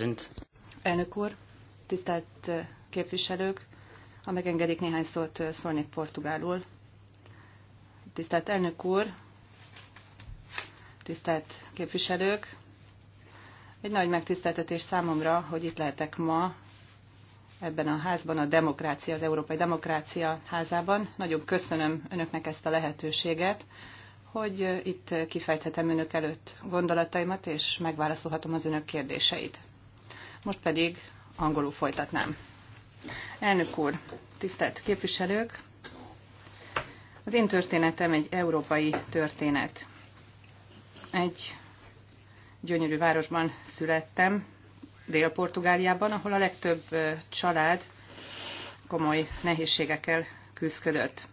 sind. Elnök úr, tisztelt képviselők, ha megengedik néhány szót szólnék portugálul. Tisztelt elnök úr, tisztelt képviselők, egy nagy megtiszteltetés számomra, hogy itt lehetek ma ebben a házban, a demokrácia, az Európai Demokrácia házában. Nagyon köszönöm önöknek ezt a lehetőséget, hogy itt kifejthetem önök előtt gondolataimat, és megválaszolhatom az önök kérdéseit. Most pedig angolul folytatnám. Elnök úr, tisztelt képviselők! Az én történetem egy európai történet. Egy gyönyörű városban születtem, Dél-Portugáliában, ahol a legtöbb család komoly nehézségekkel küzdött.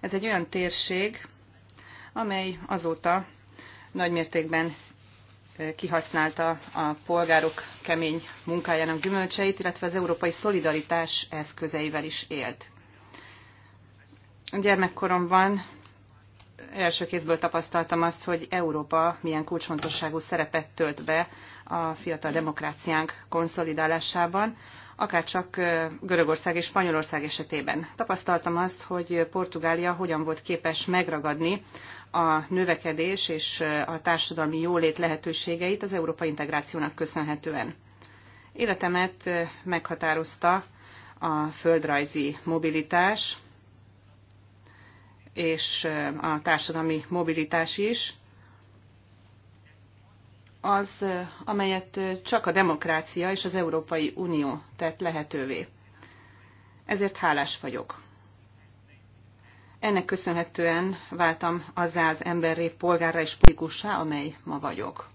Ez egy olyan térség, amely azóta nagymértékben kihasználta a polgárok kemény munkájának gyümölcseit, illetve az európai szolidaritás eszközeivel is élt. Gyermekkoromban első kézből tapasztaltam azt, hogy Európa milyen kulcsfontosságú szerepet tölt be a fiatal demokráciánk konszolidálásában, csak Görögország és Spanyolország esetében. Tapasztaltam azt, hogy Portugália hogyan volt képes megragadni a növekedés és a társadalmi jólét lehetőségeit az európai integrációnak köszönhetően. Életemet meghatározta a földrajzi mobilitás és a társadalmi mobilitás is, az, amelyet csak a demokrácia és az Európai Unió tett lehetővé. Ezért hálás vagyok. Ennek köszönhetően váltam azzá az emberré, polgárra és politikussá, amely ma vagyok.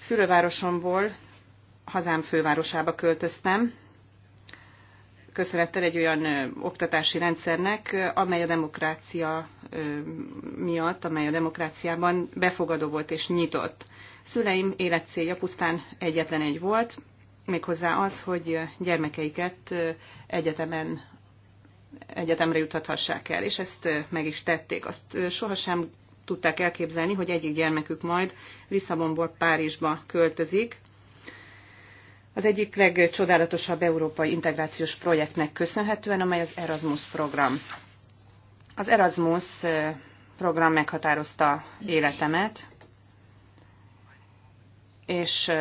Szülővárosomból hazám fővárosába költöztem, köszönettel egy olyan oktatási rendszernek, amely a demokrácia miatt, amely a demokráciában befogadó volt és nyitott. Szüleim életcélja pusztán egyetlen egy volt, méghozzá az, hogy gyermekeiket egyetemen egyetemre juthathassák el, és ezt meg is tették. Azt sohasem tudták elképzelni, hogy egyik gyermekük majd Lisszabonból Párizsba költözik, az egyik legcsodálatosabb európai integrációs projektnek köszönhetően, amely az Erasmus program. Az Erasmus program meghatározta életemet, és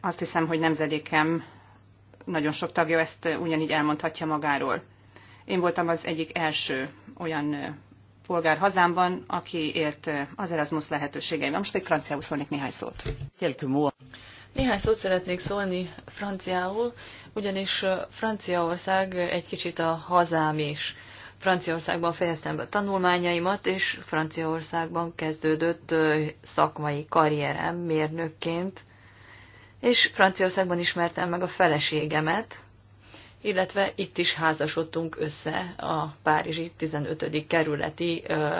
azt hiszem, hogy nemzedékem nagyon sok tagja ezt ugyanígy elmondhatja magáról. Én voltam az egyik első olyan polgár hazámban, aki élt az Erasmus lehetőségeivel. Most pedig franciául szólnék néhány szót. Néhány szót szeretnék szólni franciául, ugyanis Franciaország egy kicsit a hazám is. Franciaországban fejeztem be tanulmányaimat, és Franciaországban kezdődött szakmai karrierem mérnökként, és Franciaországban ismertem meg a feleségemet, illetve itt is házasodtunk össze a Párizsi 15. kerületi ö,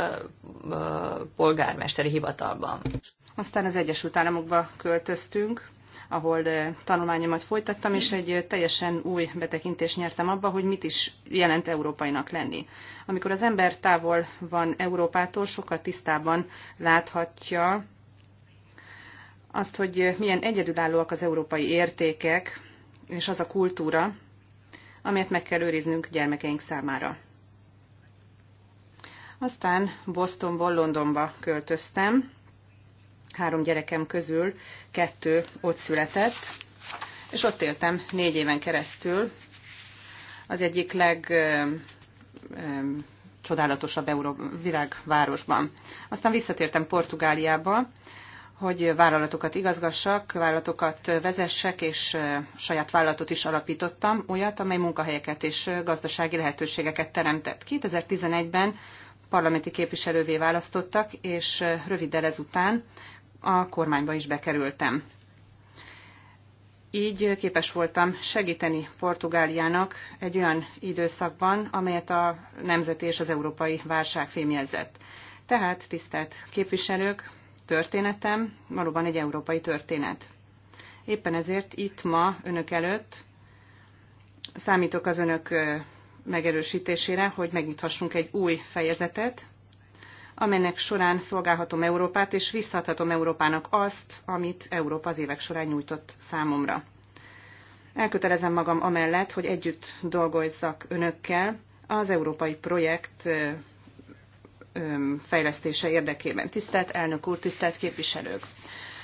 ö, polgármesteri hivatalban. Aztán az Egyesült Államokba költöztünk, ahol eh, tanulmányomat folytattam, és egy eh, teljesen új betekintést nyertem abba, hogy mit is jelent európainak lenni. Amikor az ember távol van Európától, sokkal tisztában láthatja azt, hogy eh, milyen egyedülállóak az európai értékek, és az a kultúra, amelyet meg kell őriznünk gyermekeink számára. Aztán Bostonból Londonba költöztem, Három gyerekem közül kettő ott született, és ott éltem négy éven keresztül. Az egyik leg csodálatosabb Euró világvárosban. Aztán visszatértem Portugáliába, hogy vállalatokat igazgassak, vállalatokat vezessek, és saját vállalatot is alapítottam, olyat, amely munkahelyeket és gazdasági lehetőségeket teremtett. 2011-ben parlamenti képviselővé választottak, és röviddel ezután a kormányba is bekerültem. Így képes voltam segíteni Portugáliának egy olyan időszakban, amelyet a nemzeti és az európai válság fémjelzett. Tehát, tisztelt képviselők, történetem valóban egy európai történet. Éppen ezért itt ma önök előtt számítok az önök megerősítésére, hogy megnyithassunk egy új fejezetet, amelynek során szolgálhatom Európát, és visszaadhatom Európának azt, amit Európa az évek során nyújtott számomra. Elkötelezem magam amellett, hogy együtt dolgozzak önökkel az európai projekt fejlesztése érdekében. Tisztelt elnök úr, tisztelt képviselők!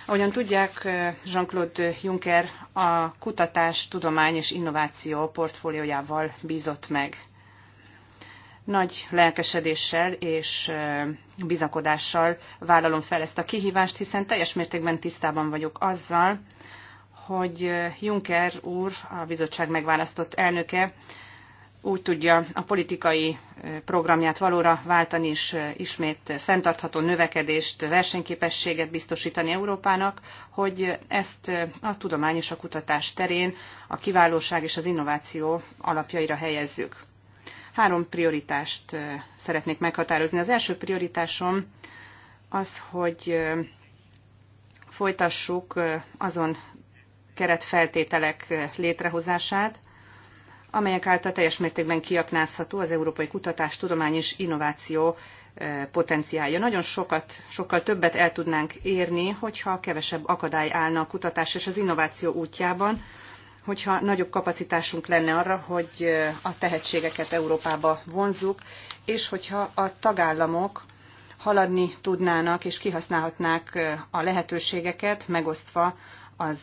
Ahogyan tudják, Jean-Claude Juncker a kutatás, tudomány és innováció portfóliójával bízott meg nagy lelkesedéssel és bizakodással vállalom fel ezt a kihívást, hiszen teljes mértékben tisztában vagyok azzal, hogy Juncker úr, a bizottság megválasztott elnöke, úgy tudja a politikai programját valóra váltani, és ismét fenntartható növekedést, versenyképességet biztosítani Európának, hogy ezt a tudomány és a kutatás terén a kiválóság és az innováció alapjaira helyezzük. Három prioritást szeretnék meghatározni. Az első prioritásom az, hogy folytassuk azon keretfeltételek létrehozását, amelyek által teljes mértékben kiaknázható az európai kutatás, tudomány és innováció potenciálja. Nagyon sokat, sokkal többet el tudnánk érni, hogyha kevesebb akadály állna a kutatás és az innováció útjában, hogyha nagyobb kapacitásunk lenne arra, hogy a tehetségeket Európába vonzzuk, és hogyha a tagállamok haladni tudnának és kihasználhatnák a lehetőségeket, megosztva az,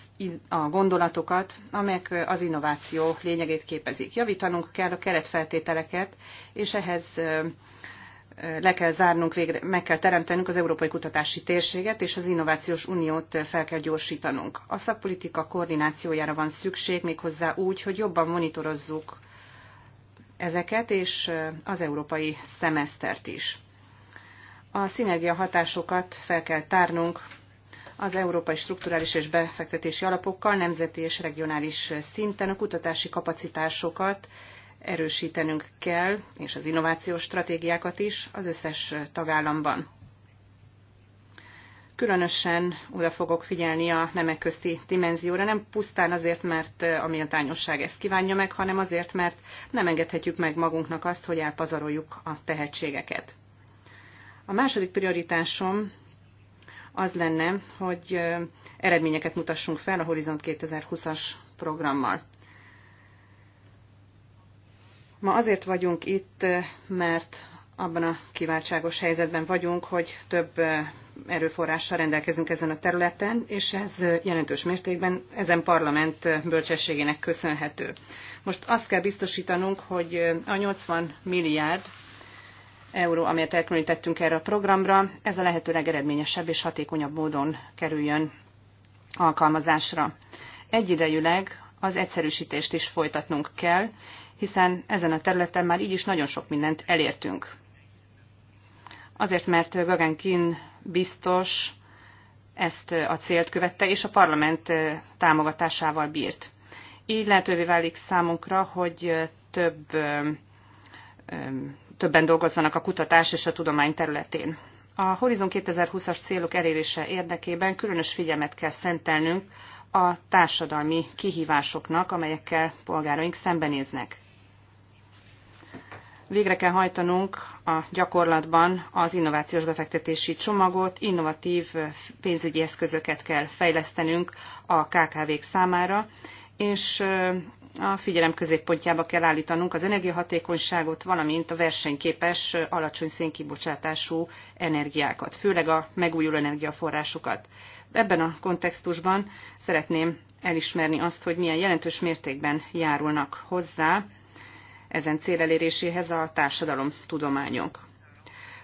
a gondolatokat, amelyek az innováció lényegét képezik. Javítanunk kell a keretfeltételeket, és ehhez le kell zárnunk, végre, meg kell teremtenünk az európai kutatási térséget, és az innovációs uniót fel kell gyorsítanunk. A szakpolitika koordinációjára van szükség, méghozzá úgy, hogy jobban monitorozzuk ezeket, és eh, az európai szemesztert is. A szinergia hatásokat fel kell tárnunk az európai strukturális és befektetési alapokkal, nemzeti és regionális szinten a kutatási kapacitásokat, erősítenünk kell, és az innovációs stratégiákat is az összes tagállamban. Különösen oda fogok figyelni a nemek közti dimenzióra, nem pusztán azért, mert a méltányosság ezt kívánja meg, hanem azért, mert nem engedhetjük meg magunknak azt, hogy elpazaroljuk a tehetségeket. A második prioritásom az lenne, hogy eredményeket mutassunk fel a Horizont 2020-as programmal. Ma azért vagyunk itt, eh, mert abban a kiváltságos helyzetben vagyunk, hogy több eh, erőforrással rendelkezünk ezen a területen, és ez eh, jelentős mértékben ezen parlament bölcsességének köszönhető. Most azt kell biztosítanunk, hogy a 80 milliárd euró, amelyet elkülönítettünk erre a programra, ez a lehető legeredményesebb és hatékonyabb módon kerüljön alkalmazásra. Egyidejűleg az egyszerűsítést is folytatnunk kell, hiszen ezen a területen már így is nagyon sok mindent elértünk. Azért, mert kín, biztos ezt a célt követte, és a parlament támogatásával bírt. Így lehetővé válik számunkra, hogy több, többen dolgozzanak a kutatás és a tudomány területén. A Horizon 2020-as célok elérése érdekében különös figyelmet kell szentelnünk a társadalmi kihívásoknak, amelyekkel polgáraink szembenéznek. Végre kell hajtanunk a gyakorlatban az innovációs befektetési csomagot, innovatív pénzügyi eszközöket kell fejlesztenünk a KKV-k számára, és a figyelem középpontjába kell állítanunk az energiahatékonyságot, valamint a versenyképes, alacsony szénkibocsátású energiákat, főleg a megújuló energiaforrásokat. Ebben a kontextusban szeretném elismerni azt, hogy milyen jelentős mértékben járulnak hozzá ezen cél eléréséhez a társadalom tudományok.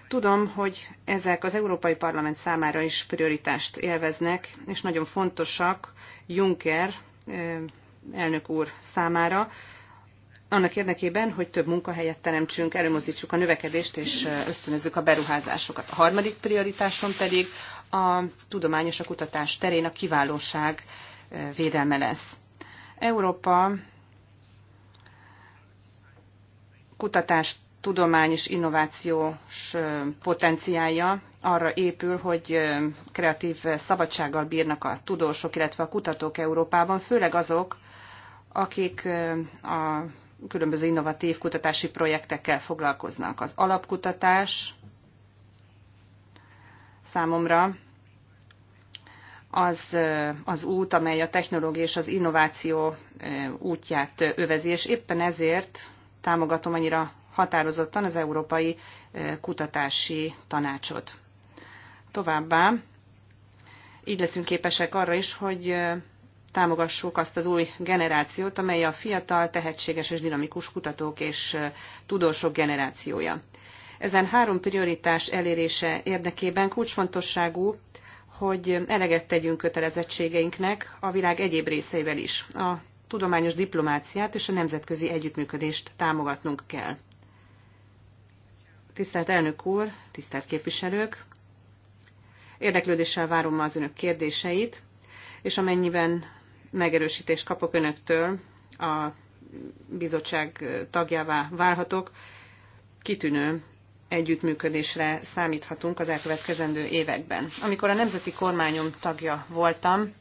Tudom, hogy ezek az Európai Parlament számára is prioritást élveznek, és nagyon fontosak Juncker elnök úr számára, annak érdekében, hogy több munkahelyet teremtsünk, előmozdítsuk a növekedést és ösztönözzük a beruházásokat. A harmadik prioritásom pedig a tudományos a kutatás terén a kiválóság védelme lesz. Európa kutatást tudomány és innovációs potenciálja arra épül, hogy kreatív szabadsággal bírnak a tudósok, illetve a kutatók Európában, főleg azok, akik a különböző innovatív kutatási projektekkel foglalkoznak. Az alapkutatás számomra az, az út, amely a technológia és az innováció útját övezi, és éppen ezért támogatom annyira határozottan az Európai Kutatási Tanácsot. Továbbá így leszünk képesek arra is, hogy támogassuk azt az új generációt, amely a fiatal, tehetséges és dinamikus kutatók és tudósok generációja. Ezen három prioritás elérése érdekében kulcsfontosságú, hogy eleget tegyünk kötelezettségeinknek a világ egyéb részeivel is. A tudományos diplomáciát és a nemzetközi együttműködést támogatnunk kell. Tisztelt elnök úr, tisztelt képviselők! Érdeklődéssel várom az önök kérdéseit, és amennyiben megerősítést kapok önöktől, a bizottság tagjává válhatok, kitűnő együttműködésre számíthatunk az elkövetkezendő években. Amikor a nemzeti kormányom tagja voltam,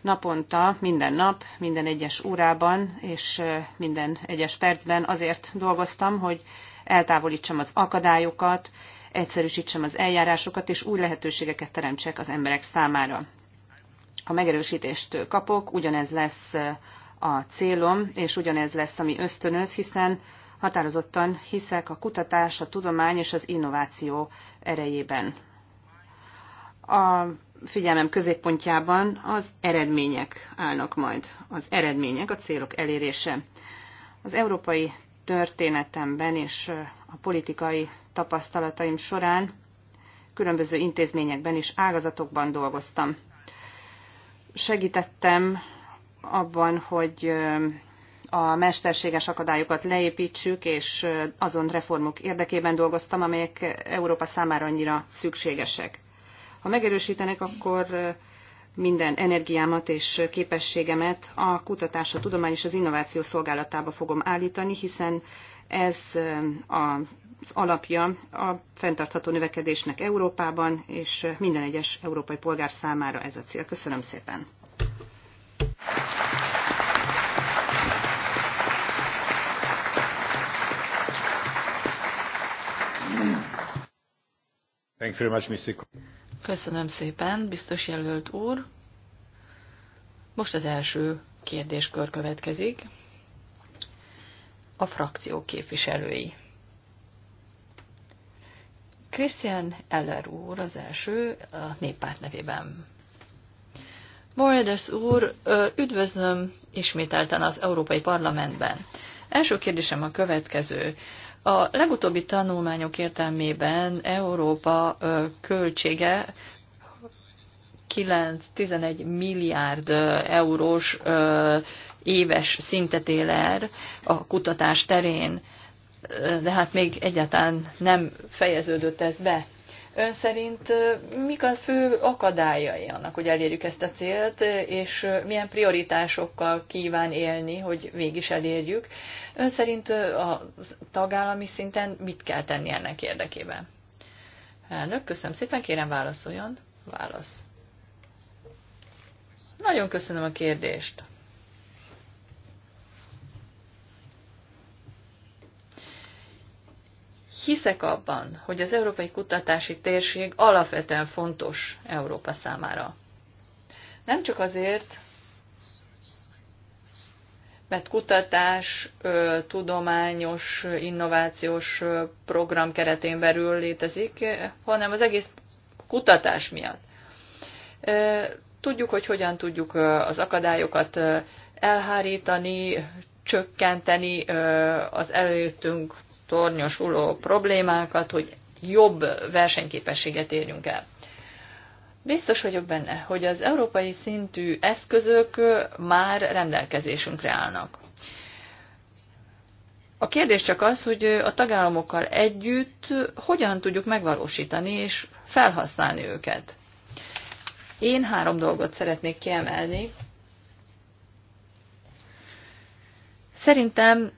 naponta, minden nap, minden egyes órában és minden egyes percben azért dolgoztam, hogy eltávolítsam az akadályokat, egyszerűsítsem az eljárásokat, és új lehetőségeket teremtsek az emberek számára. Ha megerősítést kapok, ugyanez lesz a célom, és ugyanez lesz, ami ösztönöz, hiszen határozottan hiszek a kutatás, a tudomány és az innováció erejében. A figyelmem középpontjában az eredmények állnak majd. Az eredmények, a célok elérése. Az európai történetemben és a politikai tapasztalataim során különböző intézményekben és ágazatokban dolgoztam. Segítettem abban, hogy a mesterséges akadályokat leépítsük, és azon reformok érdekében dolgoztam, amelyek Európa számára annyira szükségesek. Ha megerősítenek, akkor minden energiámat és képességemet a kutatás, a tudomány és az innováció szolgálatába fogom állítani, hiszen ez az alapja a fenntartható növekedésnek Európában, és minden egyes európai polgár számára ez a cél. Köszönöm szépen! Thank you very much, Mr. Köszönöm szépen, biztos jelölt úr. Most az első kérdéskör következik. A frakció képviselői. Christian Eller úr az első a néppárt nevében. Moedes úr, üdvözlöm ismételten az Európai Parlamentben. Első kérdésem a következő. A legutóbbi tanulmányok értelmében Európa költsége 9-11 milliárd eurós éves szintet él el a kutatás terén, de hát még egyáltalán nem fejeződött ez be. Ön szerint mik a fő akadályai annak, hogy elérjük ezt a célt, és milyen prioritásokkal kíván élni, hogy mégis elérjük? Ön szerint a tagállami szinten mit kell tenni ennek érdekében? Elnök, köszönöm szépen, kérem válaszoljon. Válasz. Nagyon köszönöm a kérdést. Hiszek abban, hogy az európai kutatási térség alapvetően fontos Európa számára. Nem csak azért, mert kutatás, tudományos, innovációs program keretén belül létezik, hanem az egész kutatás miatt. Tudjuk, hogy hogyan tudjuk az akadályokat elhárítani, csökkenteni az előttünk tornyosuló problémákat, hogy jobb versenyképességet érjünk el. Biztos vagyok benne, hogy az európai szintű eszközök már rendelkezésünkre állnak. A kérdés csak az, hogy a tagállamokkal együtt hogyan tudjuk megvalósítani és felhasználni őket. Én három dolgot szeretnék kiemelni. Szerintem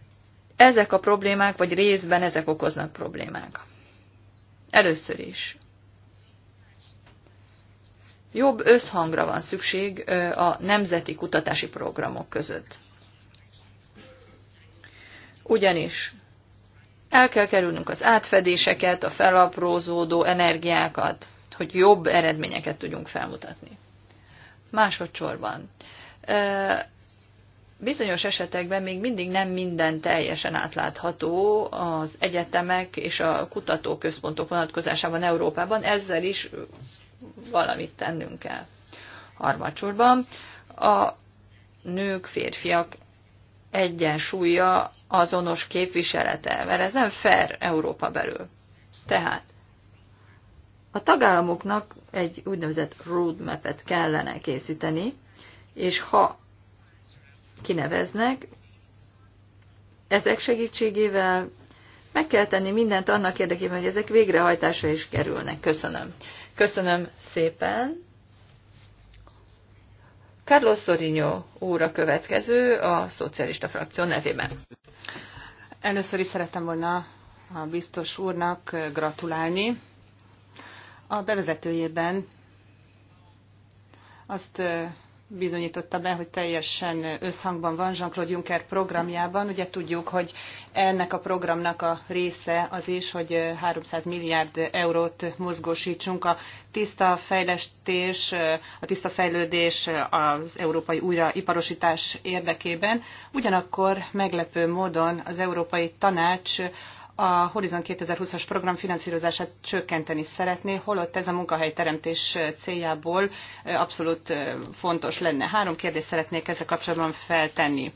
ezek a problémák, vagy részben ezek okoznak problémák. Először is. Jobb összhangra van szükség a nemzeti kutatási programok között. Ugyanis el kell kerülnünk az átfedéseket, a felaprózódó energiákat, hogy jobb eredményeket tudjunk felmutatni. Másodszorban bizonyos esetekben még mindig nem minden teljesen átlátható az egyetemek és a kutatóközpontok vonatkozásában Európában, ezzel is valamit tennünk kell. Harmadsorban a nők, férfiak egyensúlya azonos képviselete, mert ez nem fair Európa belül. Tehát a tagállamoknak egy úgynevezett roadmap-et kellene készíteni, és ha kineveznek. Ezek segítségével meg kell tenni mindent annak érdekében, hogy ezek végrehajtásra is kerülnek. Köszönöm. Köszönöm szépen. Carlos Sorinho úr a következő a szocialista frakció nevében. Először is szerettem volna a biztos úrnak gratulálni. A bevezetőjében azt bizonyította be, hogy teljesen összhangban van Jean-Claude Juncker programjában. Ugye tudjuk, hogy ennek a programnak a része az is, hogy 300 milliárd eurót mozgósítsunk a tiszta fejlesztés, a tiszta fejlődés az európai újraiparosítás érdekében. Ugyanakkor meglepő módon az Európai Tanács a Horizon 2020-as program finanszírozását csökkenteni szeretné, holott ez a munkahelyteremtés céljából abszolút fontos lenne. Három kérdést szeretnék ezzel kapcsolatban feltenni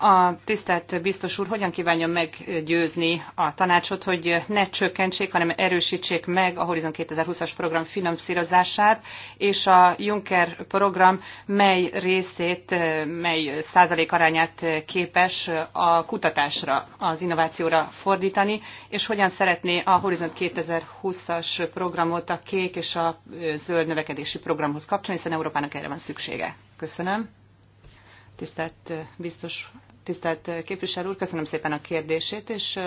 a tisztelt biztos úr hogyan kívánja meggyőzni a tanácsot, hogy ne csökkentsék, hanem erősítsék meg a Horizon 2020-as program finanszírozását, és a Juncker program mely részét, mely százalék arányát képes a kutatásra, az innovációra fordítani, és hogyan szeretné a Horizon 2020-as programot a kék és a zöld növekedési programhoz kapcsolni, hiszen Európának erre van szüksége. Köszönöm. Tisztelt biztos, tisztelt képviselő úr, köszönöm szépen a kérdését, és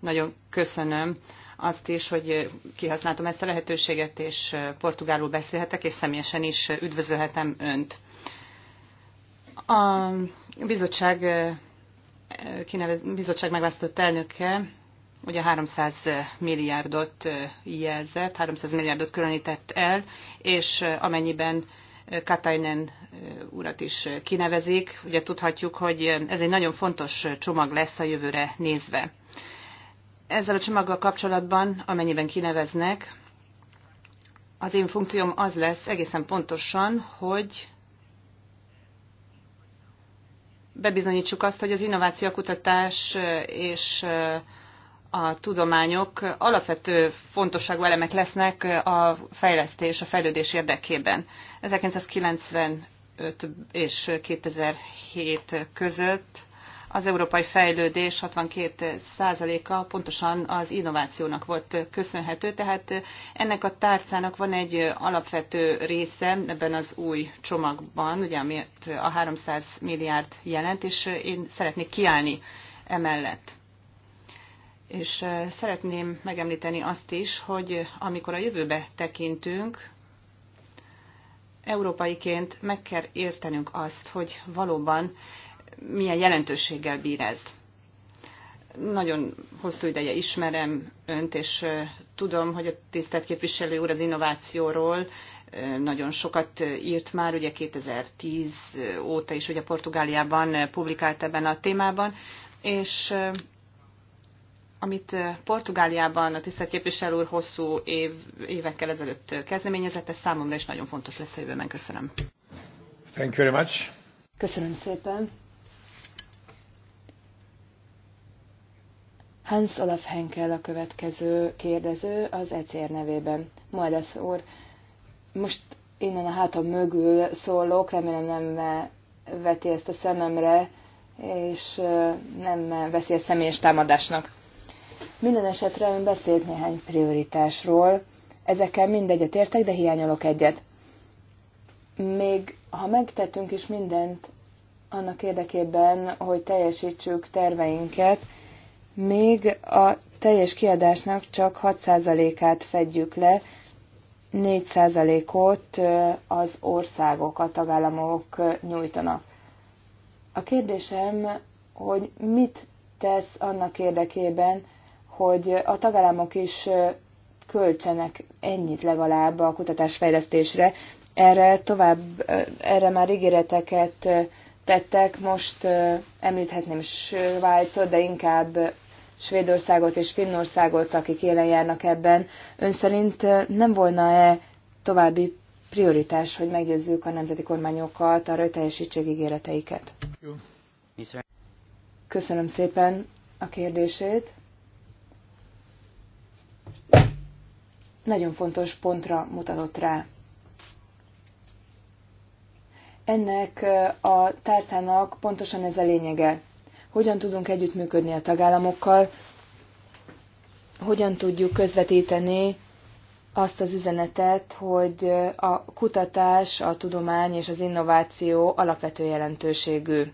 nagyon köszönöm azt is, hogy kihasználtam ezt a lehetőséget, és portugálul beszélhetek, és személyesen is üdvözölhetem önt. A bizottság, kinevez, bizottság megválasztott elnöke ugye 300 milliárdot jelzett, 300 milliárdot különített el, és amennyiben Katainen urat is kinevezik. Ugye tudhatjuk, hogy ez egy nagyon fontos csomag lesz a jövőre nézve. Ezzel a csomaggal kapcsolatban, amennyiben kineveznek, az én funkcióm az lesz egészen pontosan, hogy bebizonyítsuk azt, hogy az innovációkutatás és a tudományok alapvető fontosságú elemek lesznek a fejlesztés, a fejlődés érdekében. 1995 és 2007 között az európai fejlődés 62%-a pontosan az innovációnak volt köszönhető, tehát ennek a tárcának van egy alapvető része ebben az új csomagban, ugye, amit a 300 milliárd jelent, és én szeretnék kiállni emellett és eh, szeretném megemlíteni azt is, hogy amikor a jövőbe tekintünk, európaiként meg kell értenünk azt, hogy valóban milyen jelentőséggel bír ez. Nagyon hosszú ideje ismerem önt, és eh, tudom, hogy a tisztelt képviselő úr az innovációról eh, nagyon sokat írt már, ugye 2010 óta is ugye Portugáliában publikált ebben a témában, és amit Portugáliában a tisztelt képviselő úr hosszú év, évekkel ezelőtt kezdeményezett, ez számomra is nagyon fontos lesz a jövőben. Köszönöm. Thank you very much. Köszönöm szépen. Hans Olaf Henkel a következő kérdező az ECR nevében. Majd úr, most innen a hátam mögül szólok, remélem nem veti ezt a szememre, és nem veszi a személyes támadásnak. Minden esetre ön beszélt néhány prioritásról. Ezekkel mindegyet értek, de hiányolok egyet. Még ha megtettünk is mindent annak érdekében, hogy teljesítsük terveinket, még a teljes kiadásnak csak 6%-át fedjük le, 4%-ot az országok, a tagállamok nyújtanak. A kérdésem, hogy mit tesz annak érdekében, hogy a tagállamok is költsenek ennyit legalább a kutatásfejlesztésre. Erre tovább, erre már ígéreteket tettek, most említhetném Svájcot, de inkább Svédországot és Finnországot, akik élen járnak ebben. Ön szerint nem volna-e további prioritás, hogy meggyőzzük a nemzeti kormányokat arra, hogy teljesítsék ígéreteiket? Köszönöm szépen a kérdését. nagyon fontos pontra mutatott rá. Ennek a tárcának pontosan ez a lényege. Hogyan tudunk együttműködni a tagállamokkal, hogyan tudjuk közvetíteni azt az üzenetet, hogy a kutatás, a tudomány és az innováció alapvető jelentőségű.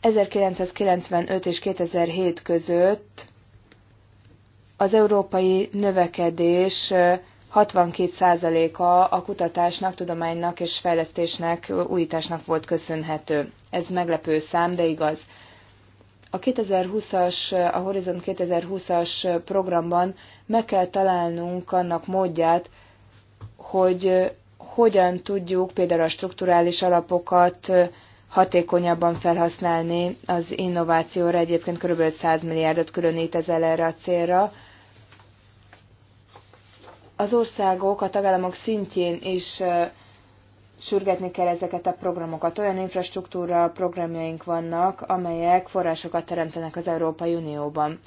1995 és 2007 között az európai növekedés 62%-a a kutatásnak, tudománynak és fejlesztésnek, újításnak volt köszönhető. Ez meglepő szám, de igaz. A 2020-as, a Horizon 2020-as programban meg kell találnunk annak módját, hogy hogyan tudjuk például a strukturális alapokat hatékonyabban felhasználni az innovációra. Egyébként kb. 100 milliárdot különít el erre a célra az országok, a tagállamok szintjén is sürgetni kell ezeket a programokat. Olyan infrastruktúra programjaink vannak, amelyek forrásokat teremtenek az Európai Unióban.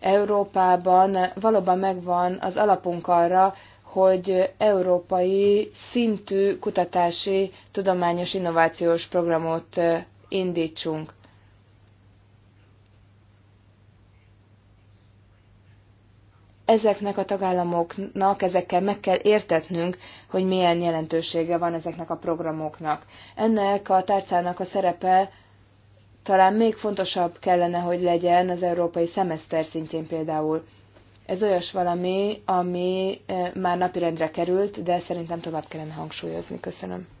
Európában valóban megvan az alapunk arra, hogy európai szintű kutatási, tudományos, innovációs programot indítsunk. ezeknek a tagállamoknak, ezekkel meg kell értetnünk, hogy milyen jelentősége van ezeknek a programoknak. Ennek a tárcának a szerepe talán még fontosabb kellene, hogy legyen az európai szemeszter szintjén például. Ez olyas valami, ami eh, már napirendre került, de szerintem tovább kellene hangsúlyozni. Köszönöm.